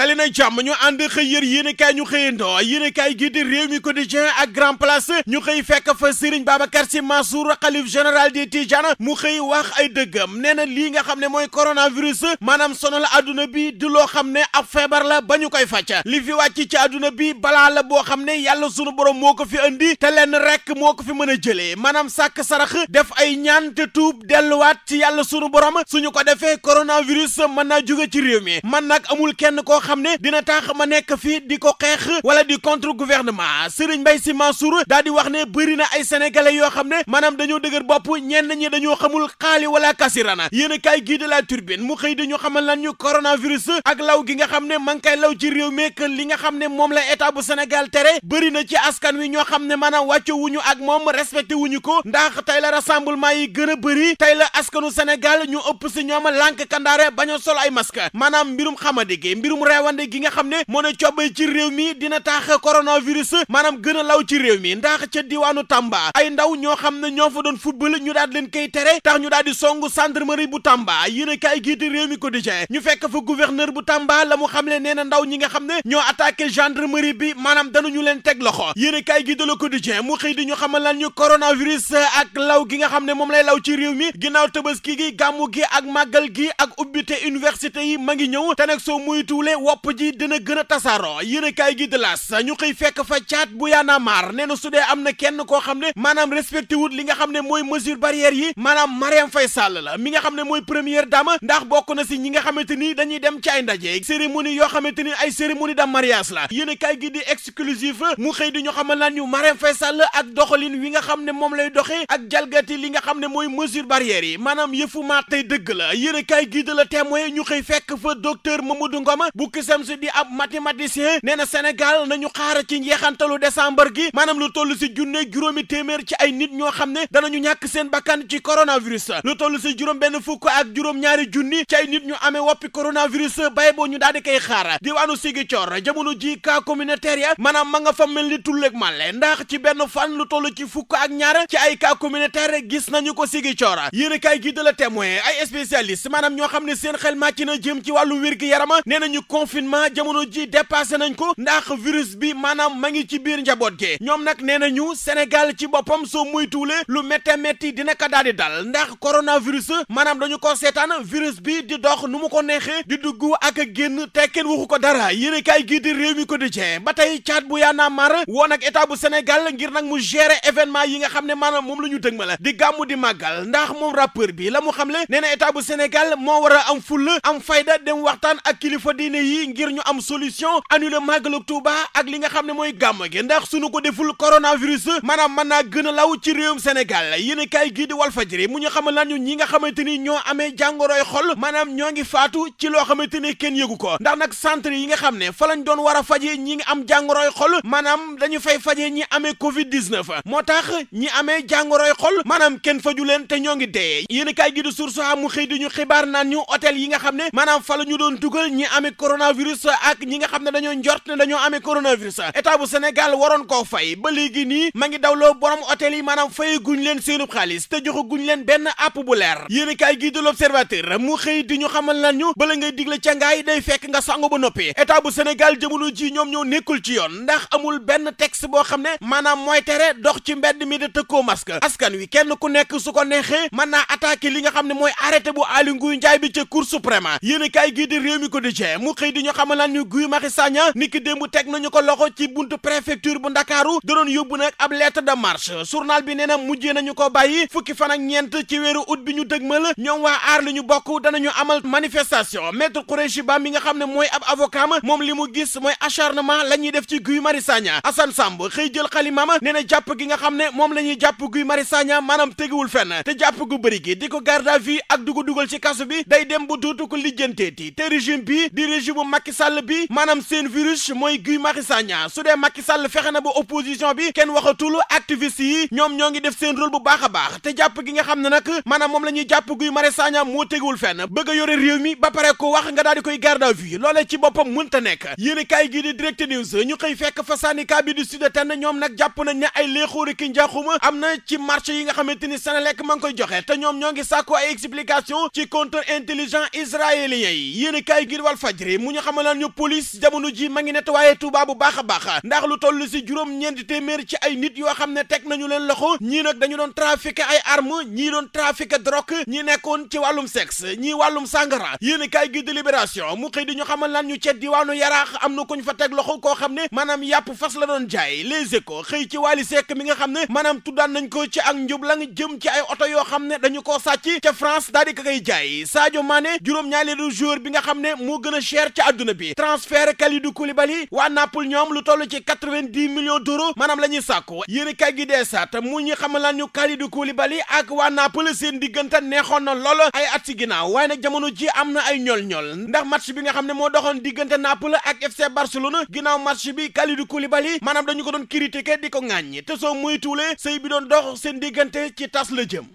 dali na jàmm ñu ànd xëy yër yéenekaay ñu xëyandoo yéenekaay gi di réew mi quotidien ak grand place ñu xëy fekk fa Serigne Babacar Sy Mansour xalif général des Tidianes mu xëy wax ay dëggam nee na lii nga xam ne mooy coronavirus maanaam la adduna bi du loo xam ne ab feebar la ba ñu koy fàcc li fi wàcc ci adduna bi balaa la boo xam ne yàlla sunu borom moo ko fi andi te lenn rekk moo ko fi mën a jëlee maanaam sàkk sarax def ay ñaan te tuub delluwaat ci yàlla sunu borom suñu ko defee coronavirus mën naa jóge ci réew man nag amul kenn koo xam ne dina tax ma nekk fii di ko xeex wala di contre gouvernement Serigne Mbaye Sy Mansour daal di wax ne bëri na ay sénégalais yoo xam ne maanaam dañoo dëgër bopp ñenn ñi dañoo xamul xaali wala kasirana yéen a kaay gii de la turbine mu xëy dañu xamal lan ñu coronavirus ak law gi nga xam ne ma law ci réew mi li nga xam ne moom la état bu Sénégal tere bëri na ci askan wi ñoo xam ne maanaam wàcco wuñu ak moom respecté wuñu ko ndax tey la rassemblement yi gën a bëri tey la askanu Sénégal ñu ëpp si ñoom lànk kandaare bañ a sol ay masque maanaam mbirum xamadi gi mbirum réew jaawande gi nga xam ne moo ne cobbay ci réew mi dina taax coronavirus maanaam gën a law ci réew mi ndax ca diwaanu Tamba ay ndaw ñoo xam ne ñoo fa doon football ñu daal leen koy tere tax ñu daal di song gendarmerie bu Tamba yéen a kaay gii di réew mi quotidien ñu fekk fa gouverneur bu Tamba la mu xamle nee na ndaw ñi nga xam ne ñoo attaqué gendarmerie bi maanaam ñu leen teg loxo yéen kaay gii dala la mu xëy di ñu xamal lan ñu coronavirus ak law gi nga xam ne moom lay law ci réew mi ginnaaw tabaski gi gàmmu gi ak màggal gi ak ubbite université yi ma ngi ñëw te nag soo muy tuule wopp ji dina gën a tasaaroo yéenekaay gi di L'As ñu xëy fekk fa caat bu yaana maar nee na su dee am na kenn koo xam ne maanaam respecté wut li nga xam ne mooy mesure barrière yi maanaam Marième Faye Sall la mi nga xam ne mooy première dame ndax bokk na si ñi nga xamante ni dañuy dem ci ay ndaje cérémonie yoo xamante ni ay cérémonie de mariage la yéenekaay gi di exclusif mu xëy di ñu xamal naan ñu Marième Faye Sall ak doxalin wi nga xam ne moom lay doxee ak jalgati li nga xam ne mooy mesure barrière yi maanaam yëfu maa tey dëgg la yéenekaay gi di la témoin ñu xëy fekk fa docteur Mamadou Ngom Boubacar Sams di ab mathématicien nee na Sénégal nañu xaar ci njeexantalu décembre gi maanaam lu toll si junne juróomi téeméer ci ay nit ñoo xam ne danañu ñàkk seen bakkan ci coronavirus lu toll si juróom benn fukk ak juróom-ñaari junni ci ay nit ñu amee woppi coronavirus bay boo ñu daal di koy xaar diwaanu Ziguinchor jamono ji cas communautaire ya maanaam ma nga fa mel ni tulleeg màlle ndax ci benn fan lu toll ci fukk ak ñaar ci ay cas communautaire gis nañu ko Ziguinchor ra a kaay gi de la témoin ay spécialiste maanaam ñoo xam ne seen xel màcc na jëm ci wàllu wér gi yarama nee nañu confinement jamono ji dépassé nañ ko ndax virus bi maanaam ma ngi ci biir njaboot gee ñoom nag nee na nañu senegal ci boppam soo moytuwulee lu méttee metti dina ko daal di dal ndax coronavirus maanaam dañu ko seetaan virus bi di dox nu mu ko neexee di dugg ak génn te kenn waxu ko dara yéen kaay gii di réew mi ko di cee ba caat bu yaa naa mar woon ak état bu senegal ngir nag mu gérer événement yi nga xam ne maanaam moom la ñu dëgmal di gàmmu di màggal ndax moom rappeur bi la mu xamle nee na état bu Sénégal moo war a am fulla am fayda waxtaan ak kilifa diine yi ngir ñu am solution annulé màggalu Tuuba ak li nga xam ne mooy gàmm gi ndax suñu ko deful coronavirus maanaam mën naa gën law ci réewum Sénégal yéen kay wal faj Walfadjri mu ñu xamal nañu ñi nga xamante ni ñoo amee jàngoroy xol maanaam ñoo ngi faatu ci loo xamante ni kenn yëgu ko ndax nag centre yi nga xam ne fa lañ doon war a faje ñi ngi am jàngoroy xol maanaam dañu fay faje ñi amee covid 19 moo tax ñi amee jàngoroy xol maanaam kenn faju leen te ñoo ngi dee yéen kay gii di Source A mu xëy di ñu ñu hôtel yi nga xam ne maanaam fa ñu doon dugal ñi amee corona coronavirus ak ñi nga xam ne dañoo njort ne dañoo amee coronavirus état bu Sénégal waroon koo fay ba léegi nii ma ngi dawloo borom hôtel yi maanaam fay guñ leen seenu xaalis te joxu guñ leen benn app bu leer yéen kaay gii de l'observateur mu xëy di ñu xamal lan ñu bala ngay digle cangaay day fekk nga sangu ba noppi état bu Sénégal jamono ji ñoom ñoo nekkul ci yoon ndax amul benn texte boo xam ne maanaam mooy tere dox ci mbenn mi de tëkkoo masque askan wi kenn ku nekk su ko neexee mën naa attaqué li nga xam ne mooy arrêté bu Aly Ngouille Ndiaye bi ca Cour suprême yéen xëy di ñu xamal laan ñu Guy Marius Sagna ni ki démb teg nañu ko loxo ci buntu préfecture bu Ndakaaru da doon yóbbu nag ab lettre de marche journal bi nee na mujjee nañu ko bàyyi fukki fan ak ñeent ci weeru août bi ñu dëgmal ñoom waa aar li ñu bokk ñu amal manifestation maître Khoureyssi Ba mi nga xam ne mooy ab avocat moom li mu gis mooy acharnement la ñuy def ci Guy Marius Sagna Assane Samb xëy jël xalimaam nee na jàpp gi nga xam ne moom la ñuy jàpp Guy Marius Sagna maanaam tegiwul fenn te jàpp gu bëri gi di ko garde à vue ak dugu dugal ci kaso bi day dem bu duutu ko lijjanteeti doomu Macky Sall bi maanaam seen virus mooy Guy Marius Sagna su dee Macky Sall fexe na ba opposition bi kenn waxatul activiste yi ñoom ñoo ngi def seen rôle bu baax a baax te jàpp gi nga xam ne nag maanaam moom la ñuy jàpp Guy Marius Sagna moo teguwul fenn bëgg a yore réew mi ba ko wax nga daal di koy garde à vue loolee ci boppam mënta nekk yéen kaay gii di direct news ñu xëy fekk fa syndicat bi du sud tenn ñoom nag jàpp nañ ne ay léexóori ki njaaxuma am na ci marché yi nga xamante ni Senelec ma ngi koy joxe te ñoom ñoo ngi sàkku ay explication ci contre intelligent israélien yi yéen kaay gii di Walf Fadjri mu ñu xamalaan ñu police jamono ji ma ngi waaye Touba bu baax a baax ndax lu toll si juróom ñeenti téeméer ci ay nit yoo xam ne teg nañu leen loxo ñii nag dañu doon trafiqué ay arme ñii doon trafiqué drogue ñi nekkoon ci wàllum sexe ñii wàllum sàngara yéen i gi de Libération mu xëy di ñu xamal laan ñu ceet diwaanu yaraax am na ko ñu fa teg loxo koo xam ne maanaam yàpp fas la doon jaay Les Échos xëy ci Wally Seck mi nga xam ne maanaam tuddaan nañ ko ci ak njublang jëm ci ay oto yoo xam ne dañu koo sàcc ca France daal di ko koy jaay Sadio Mané juróom-ñaareelu bi nga xam ne moo gën a ci àdduna bi transfert Kalidou Koulibaly waa Naples ñoom lu toll ci quatre-vingt-dix millions d'euros maanaam la ñuy sàkku yéen kay gi dee saat mu ñu xamal laan ñu Kalidou bali ak waa Naples seen diggante neexoon na lool ay at ci ginnaaw waaye nag jamono ji am na ay ñol-ñol ndax match bi nga xam ne moo doxoon diggante Naples ak FC Barcelone ginnaaw match bi Kalidou Koulibaly maanaam dañu ko doon critiquer di ko ŋàññi te soo moytuwulee sëy bi doon dox seen diggante ci tas la jëm